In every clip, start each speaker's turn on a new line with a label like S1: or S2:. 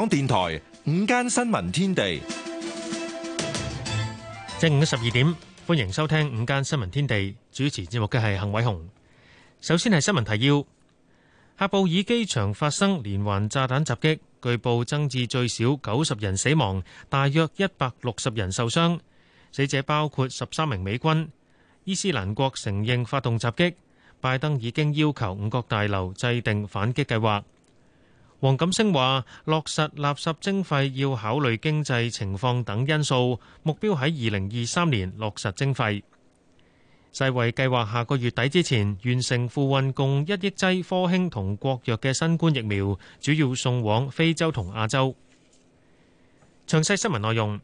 S1: 香港電臺午間新聞天地，正午十二點，歡迎收聽午間新聞天地。主持節目嘅係幸偉雄。首先係新聞提要：喀布爾機場發生連環炸彈襲擊，據報增至最少九十人死亡，大約一百六十人受傷。死者包括十三名美軍。伊斯蘭國承認發動襲擊，拜登已經要求五角大樓製定反擊計劃。黃錦星話：落實垃圾徵費要考慮經濟情況等因素，目標喺二零二三年落實徵費。世衛計劃下個月底之前完成負運共一億劑科興同國藥嘅新冠疫苗，主要送往非洲同亞洲。詳細新聞內容：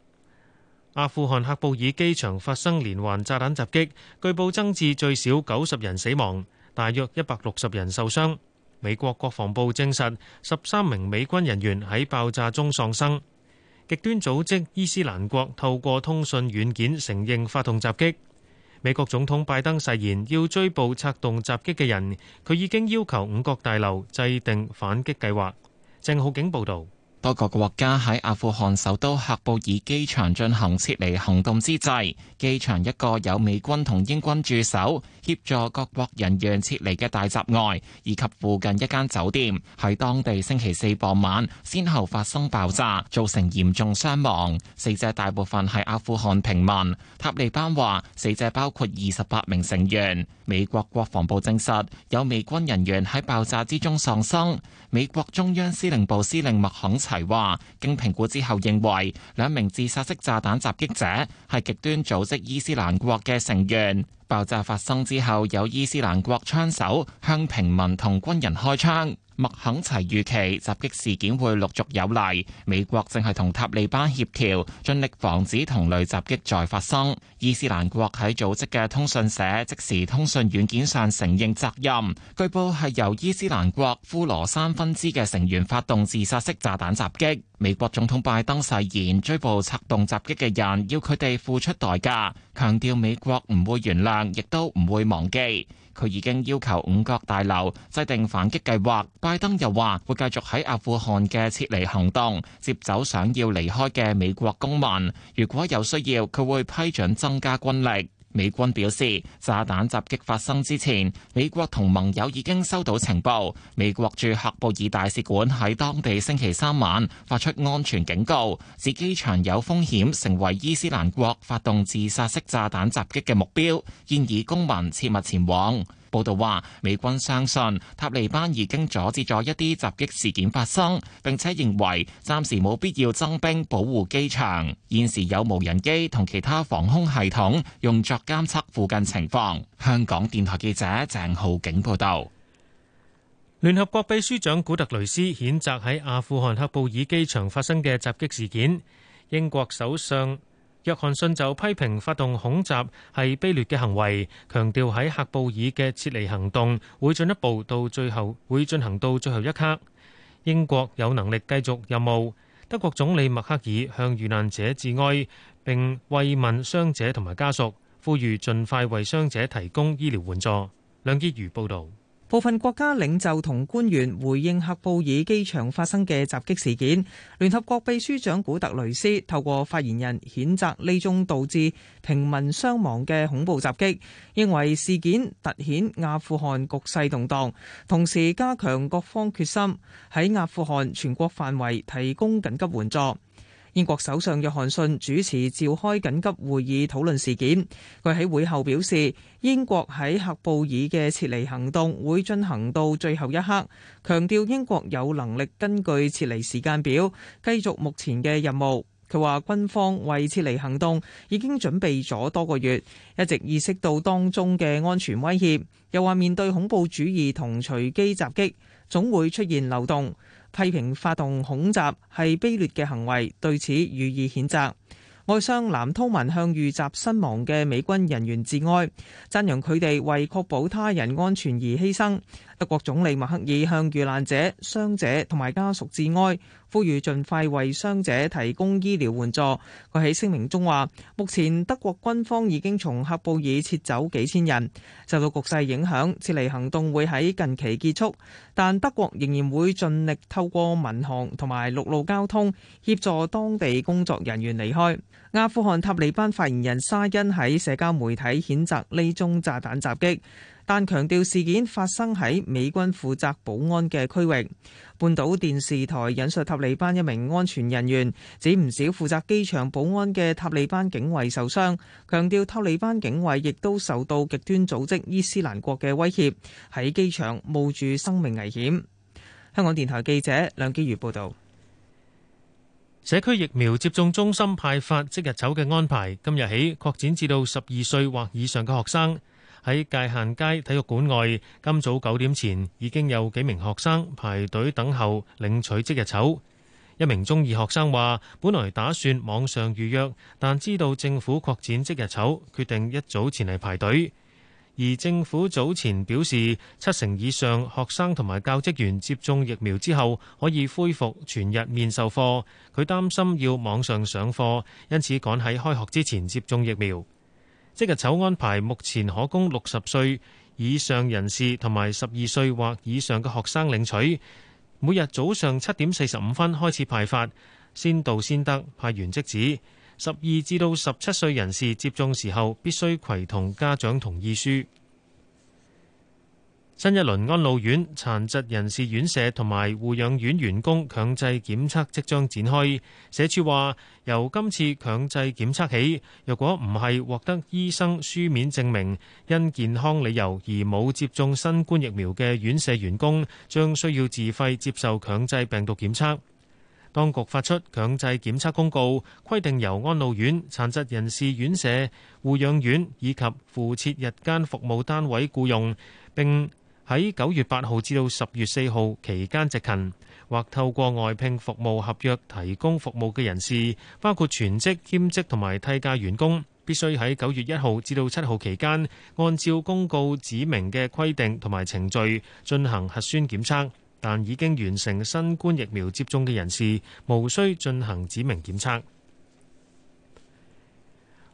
S1: 阿富汗喀布爾機場發生連環炸彈襲擊，據報增至最少九十人死亡，大約一百六十人受傷。美國國防部證實，十三名美軍人員喺爆炸中喪生。極端組織伊斯蘭國透過通訊軟件承認發動襲擊。美國總統拜登誓言要追捕策動襲擊嘅人，佢已經要求五角大樓制定反擊計劃。正浩景報道，多個國家喺阿富汗首都喀布爾
S2: 機場進行撤離行動之際，機場一個有美軍同英軍駐守，守。協助各國人員撤離嘅大閘外，以及附近一間酒店，喺當地星期四傍晚先後發生爆炸，造成嚴重傷亡，死者大部分係阿富汗平民。塔利班話，死者包括二十八名成員。美國國防部證實有美軍人員喺爆炸之中喪生。美國中央司令部司令麥肯齊話，經評估之後認為兩名自殺式炸彈襲擊者係極端組織伊斯蘭國嘅成員。爆炸發生之後，有伊斯蘭國槍手向平民同軍人開槍。麥肯齊預期襲擊事件會陸續有嚟，美國正係同塔利班協調，盡力防止同類襲擊再發生。伊斯蘭國喺組織嘅通訊社即時通訊軟件上承認責任，據報係由伊斯蘭國呼羅珊分支嘅成員發動自殺式炸彈襲擊。美國總統拜登誓言追捕策動襲擊嘅人，要佢哋付出代價，強調美國唔會原諒，亦都唔會忘記。佢已經要求五角大樓制定反擊計劃。拜登又話會繼續喺阿富汗嘅撤離行動，接走想要離開嘅美國公民。如果有需要，佢會批准增加軍力。美軍表示，炸彈襲擊發生之前，美國同盟友已經收到情報。美國駐喀布爾大使館喺當地星期三晚發出安全警告，指機場有風險成為伊斯蘭國發動自殺式炸彈襲擊嘅目標，建議公民切勿前往。報道話，美軍相信塔利班已經阻止咗一啲襲擊事件發生，並且認為暫時冇必要增兵保護機場。現時有無人機同其他防空系統用作監測附近情況。
S1: 香港電台記者鄭浩景報道。聯合國秘書長古特雷斯譴責喺阿富汗喀布爾機場發生嘅襲擊事件。英國首相約翰遜就批評發動恐襲係卑劣嘅行為，強調喺喀布爾嘅撤離行動會進一步到最後會進行到最後一刻。英國有能力繼續任務。德國總理默克爾向遇難者致哀，並慰問傷者同埋家屬，呼籲盡快為傷者提供醫療援助。梁潔如報道。
S3: 部分國家領袖同官員回應喀布爾機場發生嘅襲擊事件。聯合國秘書長古特雷斯透過發言人譴責呢宗導致平民傷亡嘅恐怖襲擊，認為事件突顯阿富汗局勢動盪，同時加強各方決心喺阿富汗全國範圍提供緊急援助。英國首相約翰遜主持召開緊急會議討論事件。佢喺會後表示，英國喺喀布爾嘅撤離行動會進行到最後一刻，強調英國有能力根據撤離時間表繼續目前嘅任務。佢話軍方為撤離行動已經準備咗多個月，一直意識到當中嘅安全威脅。又話面對恐怖主義同隨機襲擊，總會出現漏洞。批評發動恐襲係卑劣嘅行為，對此予以譴責。外相藍韜文向遇襲身亡嘅美軍人員致哀，讚揚佢哋為確保他人安全而犧牲。德國總理默克爾向遇難者、傷者同埋家屬致哀，呼籲盡快為傷者提供醫療援助。佢喺聲明中話：目前德國軍方已經從喀布爾撤走幾千人，受到局勢影響，撤離行動會喺近期結束，但德國仍然會盡力透過民航同埋陸路交通協助當地工作人員離開。阿富汗塔利班發言人沙欣喺社交媒體譴責呢宗炸彈襲擊。但強調事件發生喺美軍負責保安嘅區域。半島電視台引述塔利班一名安全人員指，唔少負責機場保安嘅塔利班警衛受傷。強調塔利班警衛亦都受到極端組織伊斯蘭國嘅威脅，喺機場冒住生命危險。香港電台記者梁基如報導。社區疫苗接種中心派
S1: 發即日走嘅安排，今日起擴展至到十二歲或以上嘅學生。喺界限街體育館外，今早九點前已經有幾名學生排隊等候領取即日籌。一名中二學生話，本來打算網上預約，但知道政府擴展即日籌，決定一早前嚟排隊。而政府早前表示，七成以上學生同埋教職員接種疫苗之後，可以恢復全日面授課。佢擔心要網上上課，因此趕喺開學之前接種疫苗。即日籌安排，目前可供六十歲以上人士同埋十二歲或以上嘅學生領取。每日早上七點四十五分開始派發，先到先得，派完即止。十二至到十七歲人士接種時候，必須攜同家長同意書。新一輪安老院、殘疾人士院舍同埋護養院員工強制檢測即將展開。社署話，由今次強制檢測起，若果唔係獲得醫生書面證明，因健康理由而冇接種新冠疫苗嘅院舍員工，將需要自費接受強制病毒檢測。當局發出強制檢測公告，規定由安老院、殘疾人士院舍、護養院以及附設日間服務單位僱用並喺九月八號至到十月四號期間，直勤或透過外聘服務合約提供服務嘅人士，包括全職、兼職同埋替假員工，必須喺九月一號至到七號期間，按照公告指明嘅規定同埋程序進行核酸檢測。但已經完成新冠疫苗接種嘅人士，無需進行指明檢測。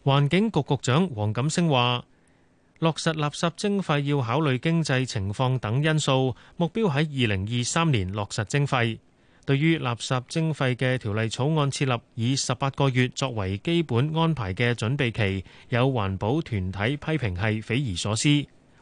S1: 環境局局長黃錦星話。落實垃圾徵費要考慮經濟情況等因素，目標喺二零二三年落實徵費。對於垃圾徵費嘅條例草案設立以十八個月作為基本安排嘅準備期，有環保團體批評係匪夷所思。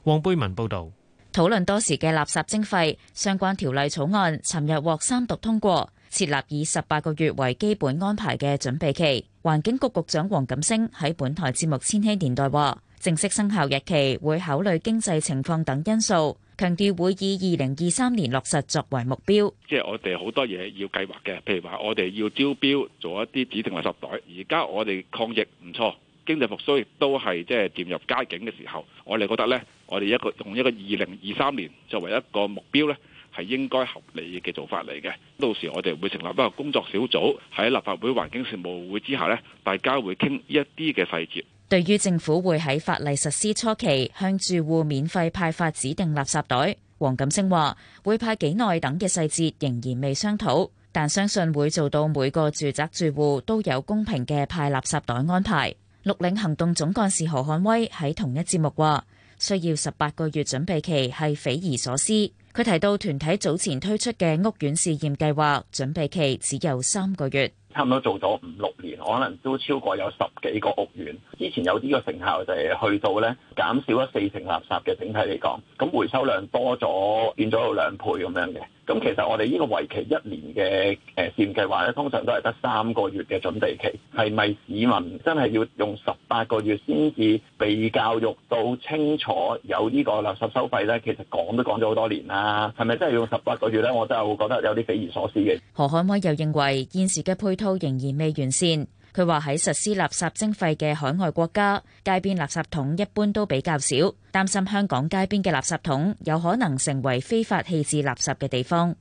S1: 黃貝文報導，
S4: 討論多時嘅垃圾徵費相關條例草案，尋日獲三讀通過，設立以十八個月為基本安排嘅準備期。環境局局長黃錦星喺本台節目《千禧年代》話。正式生效日期會考慮經濟情況等因素，強調會以二零二三年落實作為目標。
S5: 即係我哋好多嘢要計劃嘅，譬如話我哋要招標做一啲指定垃圾袋。而家我哋抗疫唔錯，經濟復甦亦都係即係漸入佳境嘅時候，我哋覺得咧，我哋一個同一個二零二三年作為一個目標咧，係應該合理嘅做法嚟嘅。到時我哋會成立一個工作小組喺立法會環境事務會之下咧，大家會傾一啲嘅細節。
S4: 對於政府會喺法例實施初期向住戶免費派發指定垃圾袋，黃錦星話：會派幾耐等嘅細節仍然未商討，但相信會做到每個住宅住戶都有公平嘅派垃圾袋安排。綠領行動總幹事何漢威喺同一節目話：需要十八個月準備期係匪夷所思。佢提到團體早前推出嘅屋苑試驗計劃，準備期只有三個月。
S6: 差唔多做咗五六年，可能都
S5: 超過有十幾個屋苑。之前有啲個成效就係去到咧，減少咗四成垃圾嘅，整體嚟講，咁回收量多咗，變咗有兩倍咁樣嘅。咁其實我哋呢個為期一年嘅誒善計劃咧，通常都係得三個月嘅準備期。係咪市民真係要用十八個月先至被教育到清楚有呢個垃圾收費咧？其實講都講咗好多年啦。係咪真係用十八個月咧？我真係會覺得有啲匪夷所思嘅。
S4: 何漢威又認為現時嘅配套仍然未完善。佢話喺實施垃圾徵費嘅海外國家，街邊垃圾桶一般都比較少，擔心香港街邊嘅垃圾桶有可能成為非法棄置垃圾嘅地方。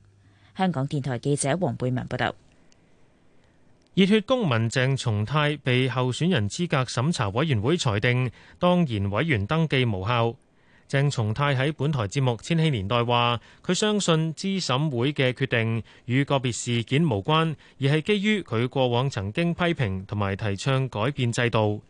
S4: 香港電台記者黃貝文報道。
S1: 熱血公民鄭松泰被候選人資格審查委員會裁定，當然委員登記無效。鄭松泰喺本台節目《千禧年代》話，佢相信咨審會嘅決定與個別事件無關，而係基於佢過往曾經批評同埋提倡改變制度。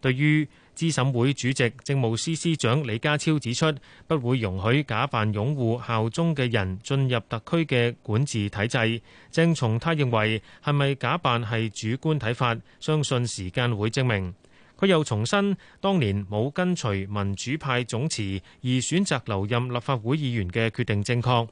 S1: 對於咨審會主席政務司司長李家超指出，不會容許假扮擁護效忠嘅人進入特區嘅管治體制，鄭松泰認為係咪假扮係主觀睇法，相信時間會證明。佢又重申，當年冇跟隨民主派總辭而選擇留任立法會議員嘅決定正確。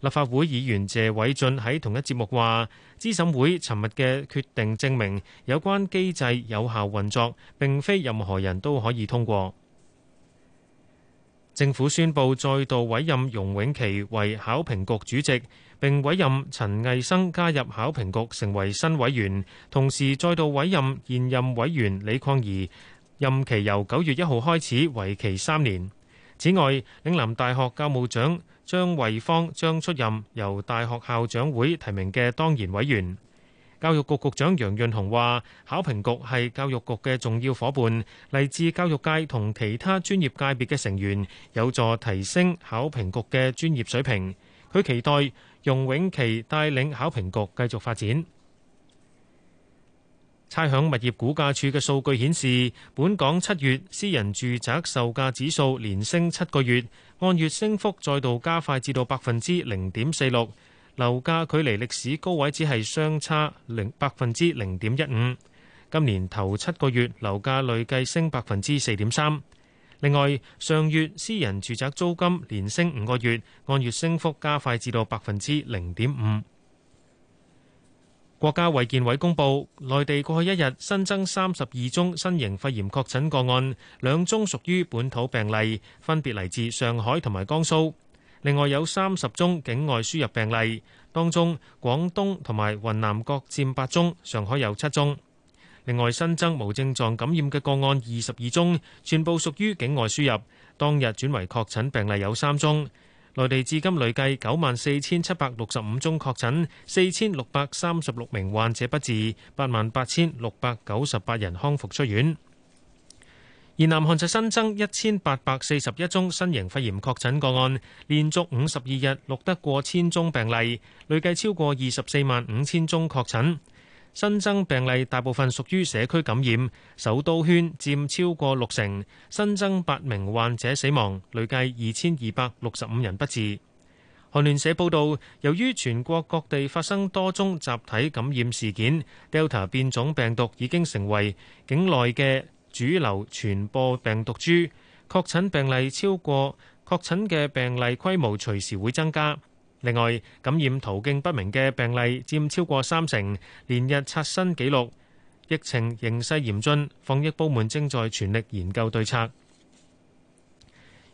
S1: 立法會議員謝偉俊喺同一節目話，資審會尋日嘅決定證明有關機制有效運作，並非任何人都可以通過。政府宣布再度委任容永琪為考評局主席，並委任陳毅生加入考評局成為新委員，同時再度委任現任委員李鄺儀，任期由九月一號開始，為期三年。此外，嶺南大學教務長張惠芳將出任由大學校長會提名嘅當然委員。教育局局長楊潤雄話：考評局係教育局嘅重要夥伴，嚟自教育界同其他專業界別嘅成員，有助提升考評局嘅專業水平。佢期待容永琪帶領考評局繼續發展。差餉物業估價署嘅數據顯示，本港七月私人住宅售價指數連升七個月，按月升幅再度加快至到百分之零點四六。樓價距離歷史高位只係相差零百分之零點一五。今年頭七個月樓價累計升百分之四點三。另外，上月私人住宅租金連升五個月，按月升幅加快至到百分之零點五。國家衛健委公佈，內地過去一日新增三十二宗新型肺炎確診個案，兩宗屬於本土病例，分別嚟自上海同埋江蘇。另外有三十宗境外輸入病例，當中廣東同埋雲南各佔八宗，上海有七宗。另外新增無症狀感染嘅個案二十二宗，全部屬於境外輸入。當日轉為確診病例有三宗。內地至今累計九萬四千七百六十五宗確診，四千六百三十六名患者不治，八萬八千六百九十八人康復出院。而南韓就新增一千八百四十一宗新型肺炎確診個案，連續五十二日錄得過千宗病例，累計超過二十四萬五千宗確診。新增病例大部分屬於社區感染，首都圈占超過六成。新增八名患者死亡，累計二千二百六十五人不治。韓聯社報道，由於全國各地發生多宗集體感染事件，Delta 變種病毒已經成為境內嘅。主流傳播病毒株，確診病例超過，確診嘅病例規模隨時會增加。另外，感染途徑不明嘅病例佔超過三成，連日刷新紀錄。疫情形勢嚴峻，防疫部門正在全力研究對策。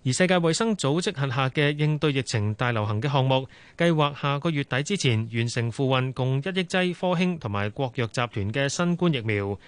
S1: 而世界衛生組織轄下嘅應對疫情大流行嘅項目，計劃下個月底之前完成付運，共一億劑科興同埋國藥集團嘅新冠疫苗。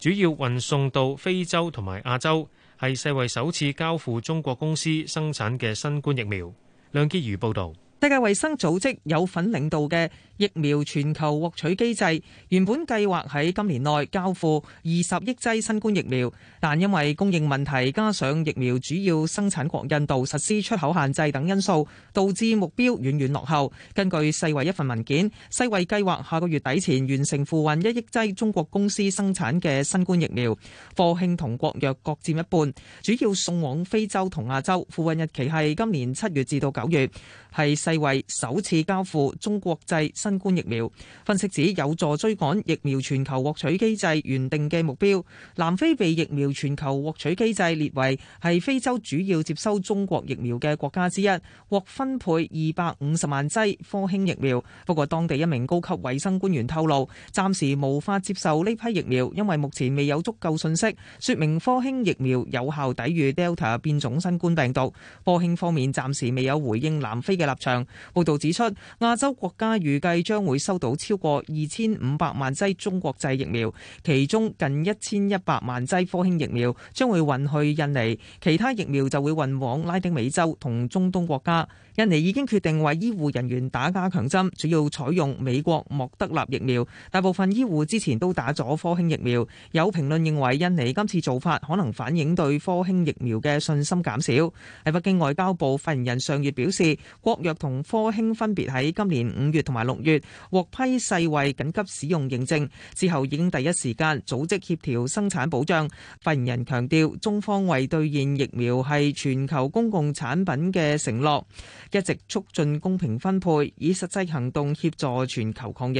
S1: 主要運送到非洲同埋亞洲，係世衛首次交付中國公司生產嘅新冠疫苗。梁潔如報導。
S3: 世界衛生組織有份領導嘅疫苗全球獲取機制，原本計劃喺今年內交付二十億劑新冠疫苗，但因為供應問題，加上疫苗主要生產國印度實施出口限制等因素，導致目標遠遠落後。根據世衛一份文件，世衛計劃下個月底前完成付運一億劑中國公司生產嘅新冠疫苗，科興同國藥各佔一半，主要送往非洲同亞洲。付運日期係今年七月至到九月，係世衛首次交付中國製新冠疫苗，分析指有助追趕疫苗全球獲取機制原定嘅目標。南非被疫苗全球獲取機制列為係非洲主要接收中國疫苗嘅國家之一，獲分配二百五十萬劑科興疫苗。不過，當地一名高級衛生官員透露，暫時無法接受呢批疫苗，因為目前未有足夠信息說明科興疫苗有效抵御 Delta 變種新冠病毒。科興方面暫時未有回應南非嘅立場。報道指出，亞洲國家預計將會收到超過二千五百萬劑中國製疫苗，其中近一千一百萬劑科興疫苗將會運去印尼，其他疫苗就會運往拉丁美洲同中東國家。印尼已經決定為醫護人員打加強針，主要採用美國莫德納疫苗，大部分醫護之前都打咗科興疫苗。有評論認為，印尼今次做法可能反映對科興疫苗嘅信心減少。喺北京外交部發言人上月表示，國藥同同科興分別喺今年五月同埋六月獲批世衛緊急使用認證，之後已經第一時間組織協調生產保障。發言人強調，中方為兌現疫苗係全球公共產品嘅承諾，一直促進公平分配，以實際行動協助全球抗疫。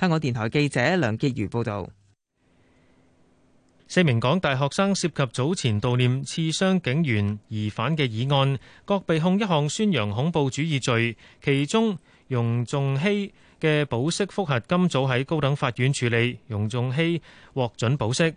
S3: 香港電台記者梁潔如報道。四名
S1: 港大學生涉及早前悼念刺傷警員疑犯嘅議案，各被控一項宣揚恐怖主義罪。其中容仲希嘅保釋複核今早喺高等法院處理，容仲希獲准保釋。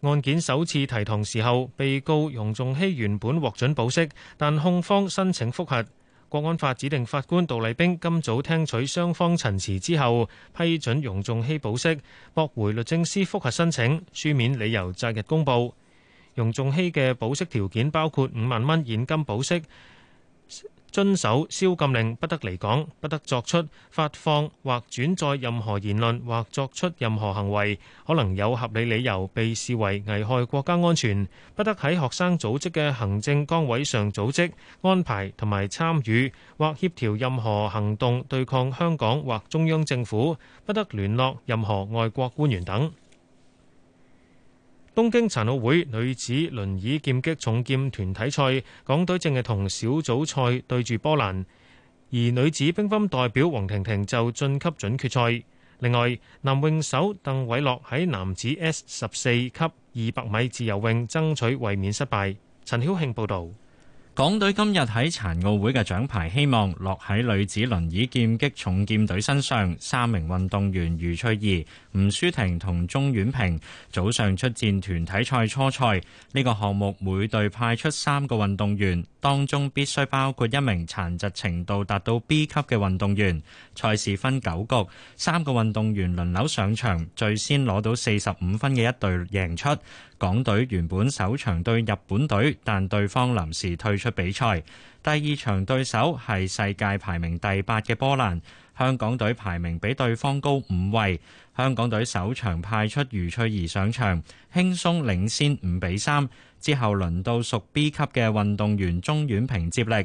S1: 案件首次提堂時候，被告容仲希原本獲准保釋，但控方申請複核。國安法指定法官杜麗冰今早聽取雙方陳詞之後，批准容仲希保釋，駁回律政司復核申請，書面理由擇日公布。容仲希嘅保釋條件包括五萬蚊現金保釋。遵守宵禁令，不得離港，不得作出發放或轉載任何言論或作出任何行為，可能有合理理由被視為危害國家安全，不得喺學生組織嘅行政崗位上組織安排同埋參與或協調任何行動對抗香港或中央政府，不得聯絡任何外國官員等。東京殘奧會女子輪椅劍擊重劍團體賽，港隊淨係同小組賽對住波蘭，而女子乒乓代表黃婷婷就晉級準決賽。另外，男泳手鄧偉樂喺男子 S 十四級二百米自由泳爭取衛冕失敗。陳曉慶報道。
S6: 港隊今日喺殘奧會嘅獎牌希望落喺女子輪椅劍擊重劍隊身上，三名運動員余翠怡、吳舒婷同鐘婉萍早上出戰團體賽初賽。呢、這個項目每隊派出三個運動員，當中必須包括一名殘疾程度達到 B 級嘅運動員。賽事分九局，三個運動員輪流上場，最先攞到四十五分嘅一隊贏出。港隊原本首場對日本隊，但對方臨時退出比賽。第二場對手係世界排名第八嘅波蘭，香港隊排名比對方高五位。香港隊首場派出余翠怡上場，輕鬆領先五比三。之後輪到屬 B 級嘅運動員鍾婉萍接力。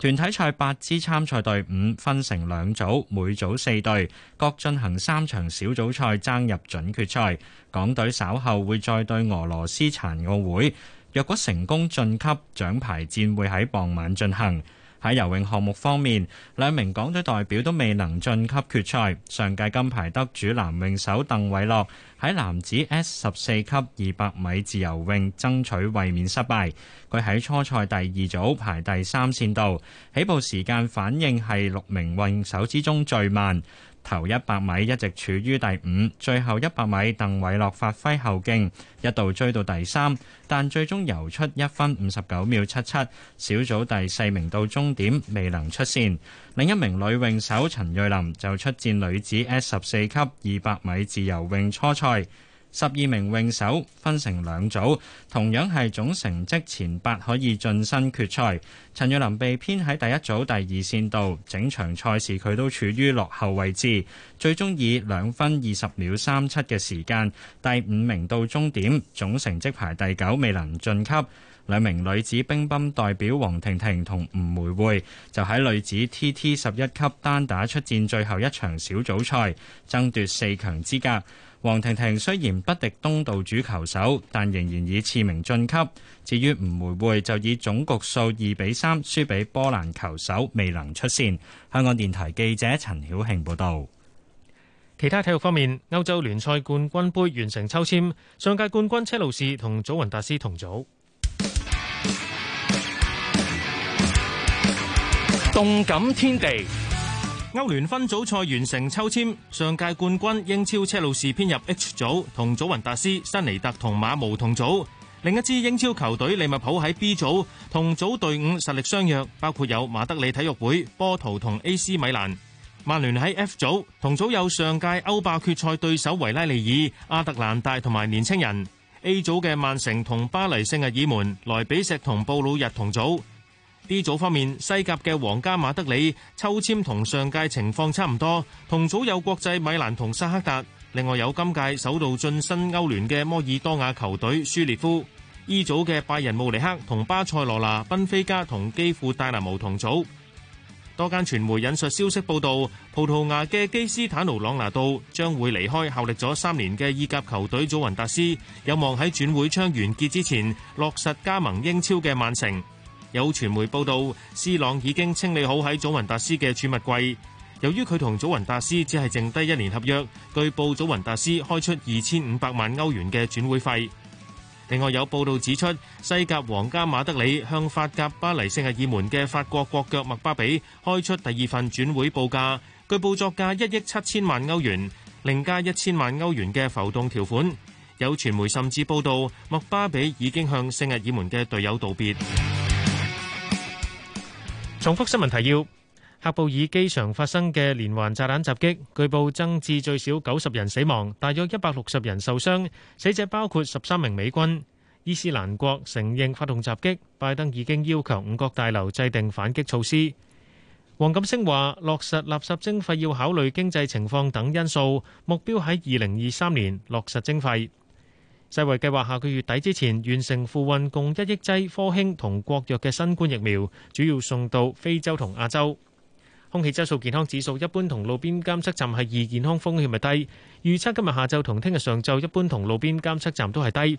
S6: 團體賽八支參賽隊伍分成兩組，每組四隊，各進行三場小組賽，爭入準決賽。港隊稍後會再對俄羅斯殘奧會，若果成功晉級，獎牌戰會喺傍晚進行。喺游泳項目方面，兩名港隊代表都未能晉級決賽。上屆金牌得主男泳手鄧偉樂喺男子 S 十四級二百米自由泳爭取衛冕失敗。佢喺初賽第二組排第三線度，起步時間反應係六名泳手之中最慢。頭一百米一直處於第五，最後一百米鄧偉樂發揮後勁，一度追到第三，但最終游出一分五十九秒七七，小組第四名到終點，未能出線。另一名女泳手陳瑞琳就出戰女子 S 十四級二百米自由泳初賽。十二名泳手分成兩組，同樣係總成績前八可以晉身決賽。陳若琳被編喺第一組第二線道，整場賽事佢都處於落後位置，最終以兩分二十秒三七嘅時間第五名到終點，總成績排第九，未能晉級。兩名女子乒乓代表黃婷婷同吳梅會就喺女子 T T 十一級單打出戰最後一場小組賽，爭奪四強資格。黃婷婷雖然不敵東道主球手，但仍然以次名晉級。至於吳梅會就以總局數二比三輸俾波蘭球手，未能出線。香港電台記者陳曉慶報道。其他體育方面，歐洲聯賽冠軍杯完成抽簽，
S1: 上屆冠軍車路士同祖雲達斯同組。動感天地，歐聯分組賽完成抽籤，上屆冠軍英超車路士編入 H 組，同組祖雲達斯、新尼特同馬毛同組。另一支英超球隊利物浦喺 B 組，同組隊伍實力相若，包括有馬德里體育會、波圖同 AC 米蘭。曼聯喺 F 組，同組有上屆歐霸決賽對手維拉利爾、阿特蘭大同埋年輕人。A 組嘅曼城同巴黎聖日耳門、萊比錫同布魯日同組。D 組方面，西甲嘅皇家馬德里抽簽同上屆情況差唔多，同組有國際米蘭同薩克達，另外有今屆首度晉身歐聯嘅摩爾多瓦球隊舒列夫。E 組嘅拜仁慕尼黑同巴塞羅那、賓菲加同基輔戴拿模同組。多間傳媒引述消息報道，葡萄牙嘅基斯坦奴·朗拿度將會離開效力咗三年嘅意甲球隊祖雲達斯，有望喺轉會窗完結之前落實加盟英超嘅曼城。有傳媒報道，斯朗已經清理好喺祖雲達斯嘅儲物櫃，由於佢同祖雲達斯只係剩低一年合約，據報祖雲達斯開出二千五百萬歐元嘅轉會費。另外有報道指出，西甲皇家馬德里向法甲巴黎聖日耳門嘅法國國腳麥巴比開出第二份轉會報價，據報作價一億七千萬歐元，另加一千萬歐元嘅浮動條款。有傳媒甚至報道，麥巴比已經向聖日耳門嘅隊友道別。重複新聞提要。喀布爾機場發生嘅連環炸彈襲擊，據報增至最少九十人死亡，大約一百六十人受傷，死者包括十三名美軍。伊斯蘭國承認發動襲擊，拜登已經要求五角大樓制定反擊措施。黃錦星話：落實垃圾徵費要考慮經濟情況等因素，目標喺二零二三年落實徵費。世衛計劃下個月底之前完成付運共一億劑科興同國藥嘅新冠疫苗，主要送到非洲同亞洲。空氣質素健康指數一般同路邊監測站係二，健康風險咪低，預測今日下晝同聽日上晝一般同路邊監測站都係低。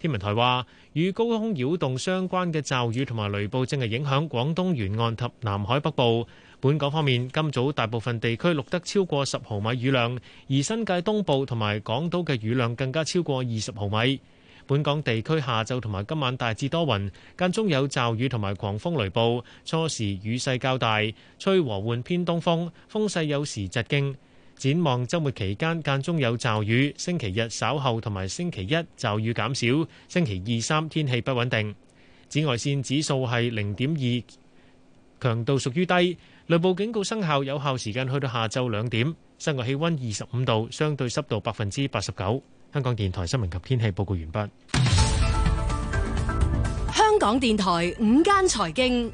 S1: 天文台話，與高空擾動相關嘅驟雨同埋雷暴正係影響廣東沿岸及南海北部。本港方面，今早大部分地區錄得超過十毫米雨量，而新界東部同埋港島嘅雨量更加超過二十毫米。本港地區下晝同埋今晚大致多雲，間中有驟雨同埋狂風雷暴，初時雨勢較大，吹和緩偏東風，風勢有時疾勁。展望週末期間，間中有驟雨，星期日稍後同埋星期一驟雨減少，星期二、三天氣不穩定。紫外線指數係零點二，強度屬於低。雷暴警告生效有效時間去到下晝兩點。室外氣温二十五度，相對濕度百分之八十九。香港電台新聞及天氣報告完畢。
S7: 香港電台午間財經，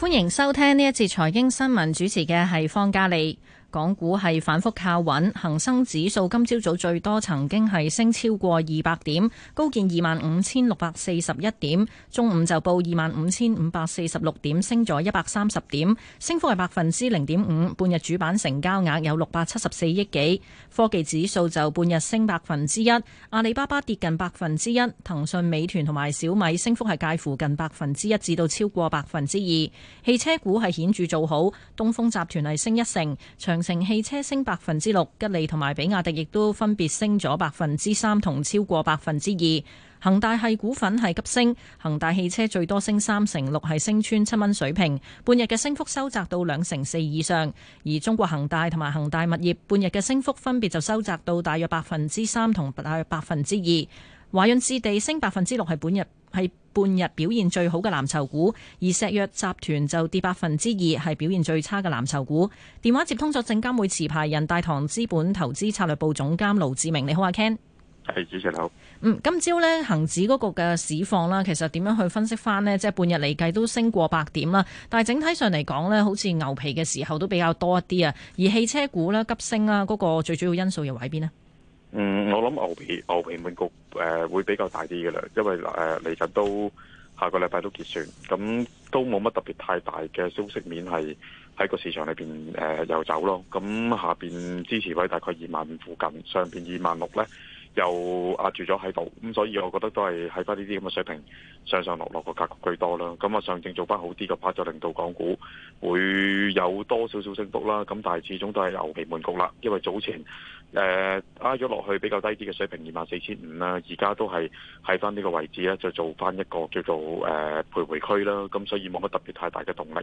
S7: 歡迎收聽呢一節財經新聞，主持嘅係方嘉利。港股係反覆靠穩，恒生指數今朝早最多曾經係升超過二百點，高見二萬五千六百四十一點。中午就報二萬五千五百四十六點，升咗一百三十點，升幅係百分之零點五。半日主板成交額有六百七十四億幾。科技指數就半日升百分之一，阿里巴巴跌近百分之一，騰訊、美團同埋小米升幅係介乎近百分之一至到超過百分之二。汽車股係顯著做好，東風集團係升一成，長。長城汽車升百分之六，吉利同埋比亞迪亦都分別升咗百分之三同超過百分之二。恒大系股份係急升，恒大汽車最多升三成六，係升穿七蚊水平。半日嘅升幅收窄到兩成四以上，而中國恒大同埋恒大物業半日嘅升幅分別就收窄到大約百分之三同大約百分之二。華潤置地升百分之六，係本日係半日表現最好嘅藍籌股，而石藥集團就跌百分之二，係表現最差嘅藍籌股。電話接通咗證監會持牌人大唐資本投資策略部總監盧志明，你好阿 Ken。
S5: 係，主持人好。
S7: 嗯，今朝咧，恒指嗰個嘅市況啦，其實點樣去分析翻？呢？即係半日嚟計都升過百點啦，但係整體上嚟講呢，好似牛皮嘅時候都比較多一啲啊。而汽車股咧急升啦，嗰個最主要因素又喺邊呢？
S5: 嗯，我諗牛皮牛皮悶局誒會比較大啲嘅啦，因為誒嚟緊都下個禮拜都結算，咁、嗯、都冇乜特別太大嘅消息面係喺個市場裏邊誒、呃、遊走咯。咁、嗯、下邊支持位大概二萬五附近，上邊二萬六咧又壓住咗喺度，咁、嗯、所以我覺得都係喺翻呢啲咁嘅水平上上落落個格局居多啦。咁、嗯、啊、嗯、上證做翻好啲嘅話就令到港股會有多少少升幅啦。咁但係始終都係牛皮悶局啦，因為早前。誒拉咗落去比較低啲嘅水平，二萬四千五啦，而家都係喺翻呢個位置咧，就做翻一個叫做誒、呃、徘徊區啦。咁、啊、所以冇乜特別太大嘅動力。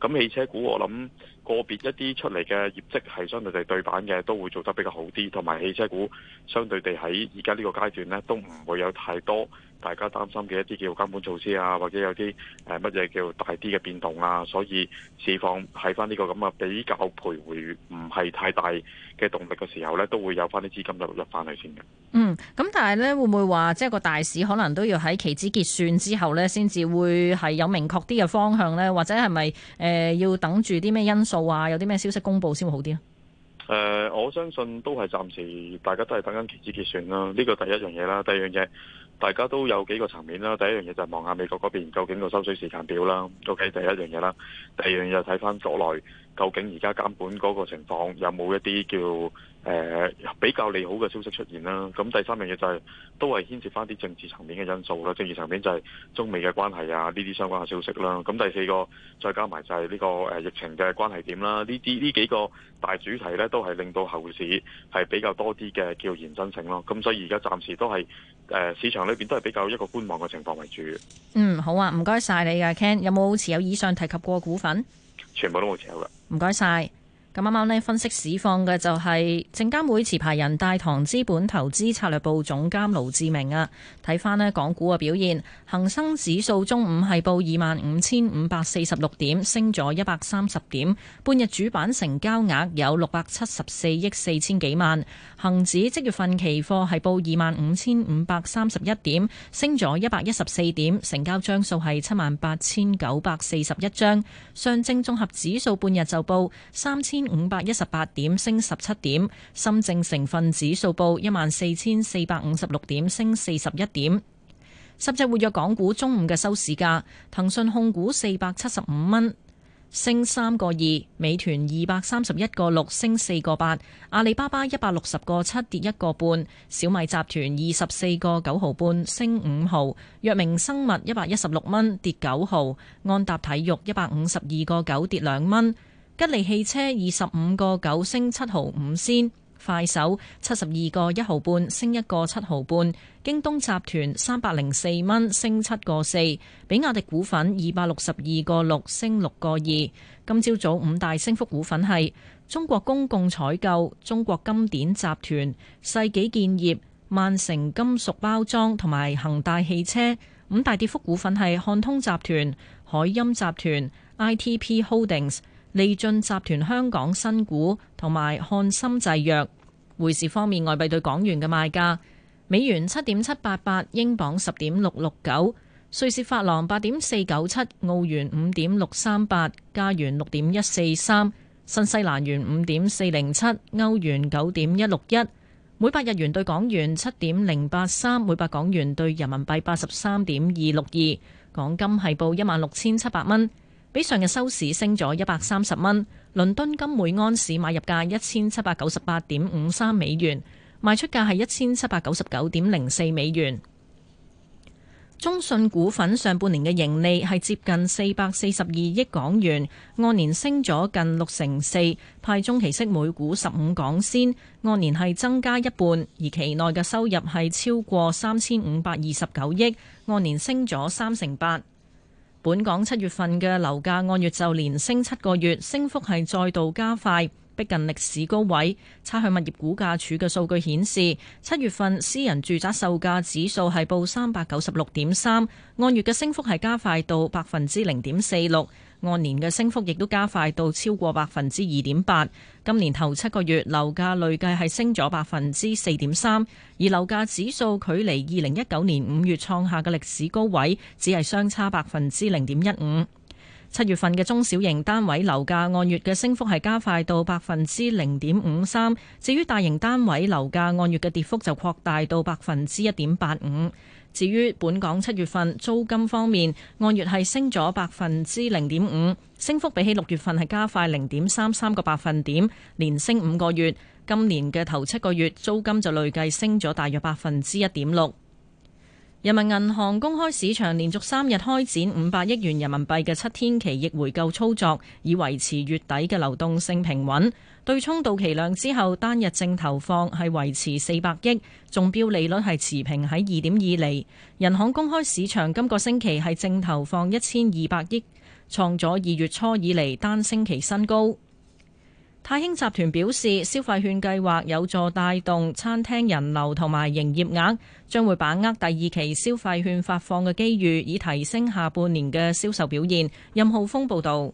S5: 咁、啊、汽車股我諗。個別一啲出嚟嘅業績係相對地對，對版嘅，都會做得比較好啲。同埋汽車股相對地喺而家呢個階段呢，都唔會有太多大家擔心嘅一啲叫監管措施啊，或者有啲誒乜嘢叫大啲嘅變動啊。所以市況喺翻呢個咁嘅比較徘徊，唔係太大嘅動力嘅時候呢，都會有翻啲資金入入翻去先嘅。嗯，
S7: 咁但係呢，會唔會話即係個大市可能都要喺期指結算之後呢，先至會係有明確啲嘅方向呢？或者係咪誒要等住啲咩因素？有啲咩消息公布先會好啲啊？
S5: 呃，我相信都係暫時，大家都係等緊期指結算啦。呢個第一樣嘢啦，第二樣嘢。大家都有幾個層面啦。第一樣嘢就係望下美國嗰邊究竟個收水時間表啦，OK，第一樣嘢啦。第二樣嘢睇翻國內究竟而家監管嗰個情況有冇一啲叫誒、呃、比較利好嘅消息出現啦。咁第三樣嘢就係、是、都係牽涉翻啲政治層面嘅因素啦。政治層面就係中美嘅關係啊，呢啲相關嘅消息啦。咁第四個再加埋就係呢個誒疫情嘅關係點啦。呢啲呢幾個大主題呢，都係令到後市係比較多啲嘅叫延伸性咯。咁所以而家暫時都係。誒市場裏邊都係比較一個觀望嘅情況為主。
S7: 嗯，好啊，唔該晒你啊。Ken，有冇持有以上提及過嘅股份？
S5: 全部都冇持有㗎。唔
S7: 該晒。咁啱啱呢分析市況嘅就係證監會持牌人大唐資本投資策略部總監盧志明啊。睇翻咧港股嘅表現，恒生指數中午係報二萬五千五百四十六點，升咗一百三十點，半日主板成交額有六百七十四億四千幾萬。恒指即月份期貨係報二萬五千五百三十一點，升咗一百一十四點，成交張數係七萬八千九百四十一張。上證綜合指數半日就報三千。五百一十八點升十七點，深證成分指數報一萬四千四百五十六點升四十一點。十隻活躍港股中午嘅收市價：騰訊控股四百七十五蚊升三個二，美團二百三十一個六升四個八，阿里巴巴一百六十個七跌一個半，小米集團二十四個九毫半升五毫，藥明生物一百一十六蚊跌九毫，安踏體育一百五十二個九跌兩蚊。吉利汽車二十五個九升七毫五仙，快手七十二個一毫半升一個七毫半，京東集團三百零四蚊升七個四，比亞迪股份二百六十二個六升六個二。今朝早五大升幅股份係中國公共採購、中國金典集團、世紀建業、萬成金屬包裝同埋恒大汽車。五大跌幅股份係漢通集團、海音集團、ITP Holdings。利進集團香港新股同埋漢森製藥。匯市方面，外幣對港元嘅賣價：美元七點七八八，英鎊十點六六九，瑞士法郎八點四九七，澳元五點六三八，加元六點一四三，新西蘭元五點四零七，歐元九點一六一。每百日元對港元七點零八三，每百港元對人民幣八十三點二六二。港金係報一萬六千七百蚊。比上日收市升咗一百三十蚊。倫敦金每安士買入價一千七百九十八點五三美元，賣出價係一千七百九十九點零四美元。中信股份上半年嘅盈利係接近四百四十二億港元，按年升咗近六成四，派中期息每股十五港仙，按年係增加一半，而期內嘅收入係超過三千五百二十九億，按年升咗三成八。本港七月份嘅樓價按月就連升七個月，升幅係再度加快，逼近歷史高位，差餉物業估價署嘅數據顯示，七月份私人住宅售價指數係報三百九十六點三，按月嘅升幅係加快到百分之零點四六，按年嘅升幅亦都加快到超過百分之二點八。今年頭七個月樓價累計係升咗百分之四點三，而樓價指數距離二零一九年五月創下嘅歷史高位，只係相差百分之零點一五。七月份嘅中小型單位樓價按月嘅升幅係加快到百分之零點五三，至於大型單位樓價按月嘅跌幅就擴大到百分之一點八五。至於本港七月份租金方面，按月係升咗百分之零點五，升幅比起六月份係加快零點三三個百分點，連升五個月。今年嘅頭七個月租金就累計升咗大約百分之一點六。人民銀行公開市場連續三日開展五百億元人民幣嘅七天期逆回購操作，以維持月底嘅流動性平穩。對沖到期量之後，單日淨投放係維持四百億，中標利率係持平喺二點二厘。人行公開市場今個星期係淨投放一千二百億，創咗二月初以嚟單星期新高。太興集團表示，消費券計劃有助帶動餐廳人流同埋營業額，將會把握第二期
S8: 消費券發放嘅機遇，以
S7: 提升下半年嘅銷售表現。任浩峰報道。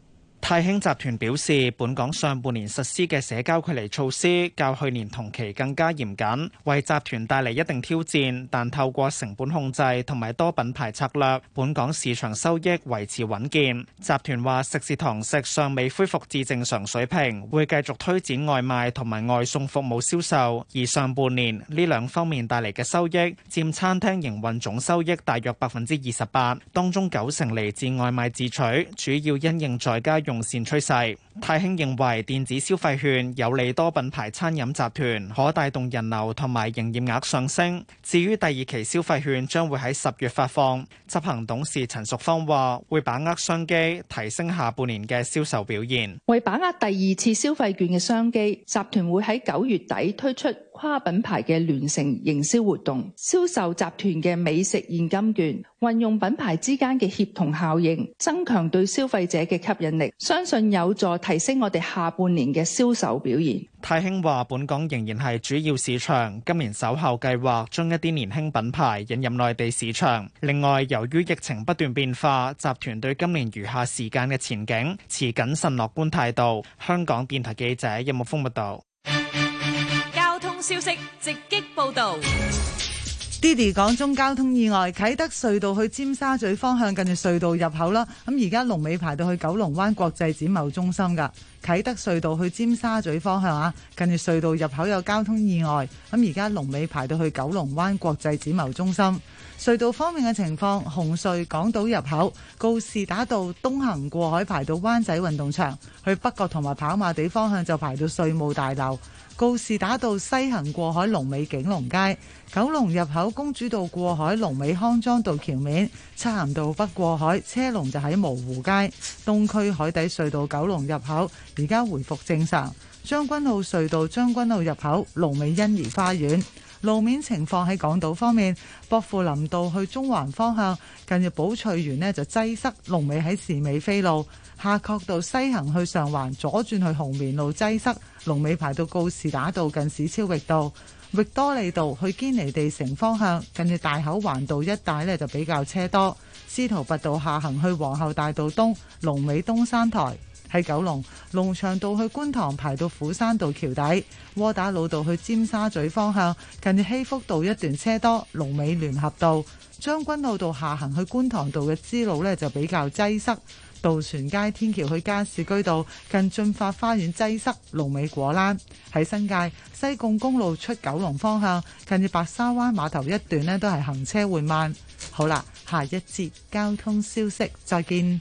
S8: 太興集團表示，本港上半年實施嘅社交距離措施較去年同期更加嚴謹，為集團帶嚟一定挑戰。但透過成本控制同埋多品牌策略，本港市場收益維持穩健。集團話，食肆堂食尚未恢復至正常水平，會繼續推展外賣同埋外送服務銷售。而上半年呢兩方面帶嚟嘅收益佔餐廳營運，運總收益大約百分之二十八，當中九成嚟自外賣自取，主要因應在家用。向線趨勢，太興認為電子消費券有利多品牌餐飲集團，可帶動人流同埋營業額上升。至於第二期消費券將會喺十月發放，執行董事陳淑芳話會把握商機，提升下半年嘅銷售表現，為把握第二次消費券嘅商機，集團會喺九月底推出。跨品牌嘅聯乘營銷活動，銷售集團嘅美食現金券，運用品牌之間嘅協同效應，增強對消費者嘅吸引力，相信有助提升我哋下半年嘅銷售表現。太興話：本港仍然係主要市場，今年首後計劃將一啲年輕品牌引入內地市場，另外，由於疫情不斷變化，集團對今年餘下時間嘅前景持謹慎樂觀態度。香港電台記者任木峯報道。
S7: 消息直擊報
S9: 道 d i d y 講中交通意外，啟德隧道去尖沙咀方向，近住隧道入口啦。咁而家龍尾排到去九龍灣國際展貿中心噶。啟德隧道去尖沙咀方向啊，近住隧道入口有交通意外。咁而家龍尾排到去九龍灣國際展貿中心。隧道方面嘅情況，紅隧港島入口，告士打道東行過海排到灣仔運動場，去北角同埋跑馬地方向就排到稅務大樓。告士打道西行過海龍尾景隆街，九龍入口公主道過海龍尾康莊道橋面，漆咸道北過海車龍就喺蕪湖街，東區海底隧道九龍入口而家回復正常，將軍澳隧道將軍澳入口龍尾欣怡花園。路面情況喺港島方面，薄扶林道去中環方向，近日寶翠園呢就擠塞，龍尾喺時美飛路，下角道西行去上環，左轉去紅棉路擠塞，龍尾排到告士打道近史超域道，域多利道去堅尼地城方向，近日大口環道一帶呢就比較車多，司徒拔道下行去皇后大道東，龍尾東山台。喺九龍龍翔道去觀塘排到斧山道橋底，窩打老道去尖沙咀方向，近住希福道一段車多，龍尾聯合道，將軍澳道下行去觀塘道嘅支路呢就比較擠塞，渡船街天橋去加士居道近駿發花園擠塞，龍尾果欄，喺新界西貢公路出九龍方向，近住白沙灣碼頭一段呢都係行車緩慢。好啦，下一節交通消息再見。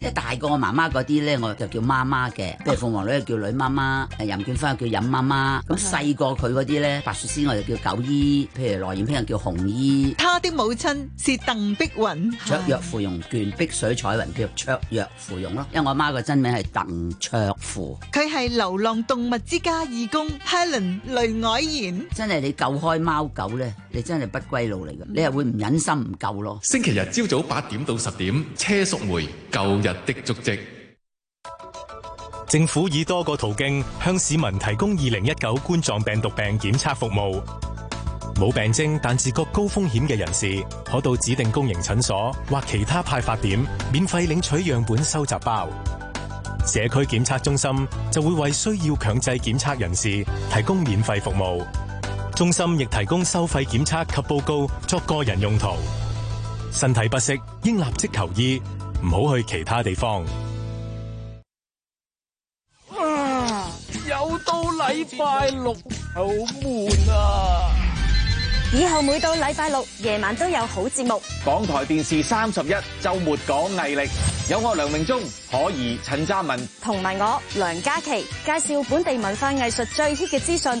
S7: 即係大個媽媽嗰啲咧，我就叫媽媽嘅。譬如鳳凰女就叫女媽媽，任劍輝又叫任媽媽。咁細個佢嗰啲咧，白雪仙我就叫九姨，譬如羅燕萍就叫紅姨。
S9: 他的母親是鄧碧雲，綽若
S7: 芙蓉，卷碧水彩雲，叫綽若芙蓉咯。因為我媽個真名係鄧芍芙。
S9: 佢係流浪動物之家義工 Helen 雷愛賢。真係你救開貓狗咧，
S7: 你真係不歸路嚟噶，你係會唔忍心唔救咯？
S1: 星期日朝早八點到十點，車淑梅救人。的足跡。政府以多個途徑向市民提供二零一九冠狀病毒病檢測服務。冇病徵但自覺高風險嘅人士，可到指定公營診所或其他派發點免費領取樣本收集包。社區檢測中心就會為需要強制檢測人士提供免費服務。中心亦提供收費檢測及報告作個人用途。身體不適，應立即求醫。
S5: 唔好去其他地方。
S4: 啊！
S2: 又到禮拜六，好悶啊！
S4: 以後每到禮拜六夜晚都有好節目。
S2: 港台電視三十一周末講藝力，有我梁明忠，可兒、陳家文，
S4: 同埋我梁嘉琪介
S7: 紹本地文化藝術最 hit 嘅資訊。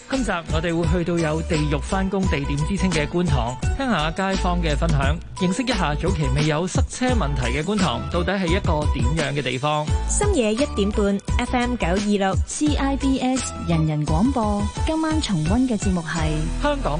S1: 今集我哋會去到有地獄返
S2: 工地點之稱嘅觀塘，聽下街坊嘅分享，認識一下早期未有塞車問題嘅觀塘，到底係一個點樣嘅地方？
S7: 深夜一點半，FM 九
S9: 二六，CIBS 人人廣播，今晚重溫嘅節目係香港。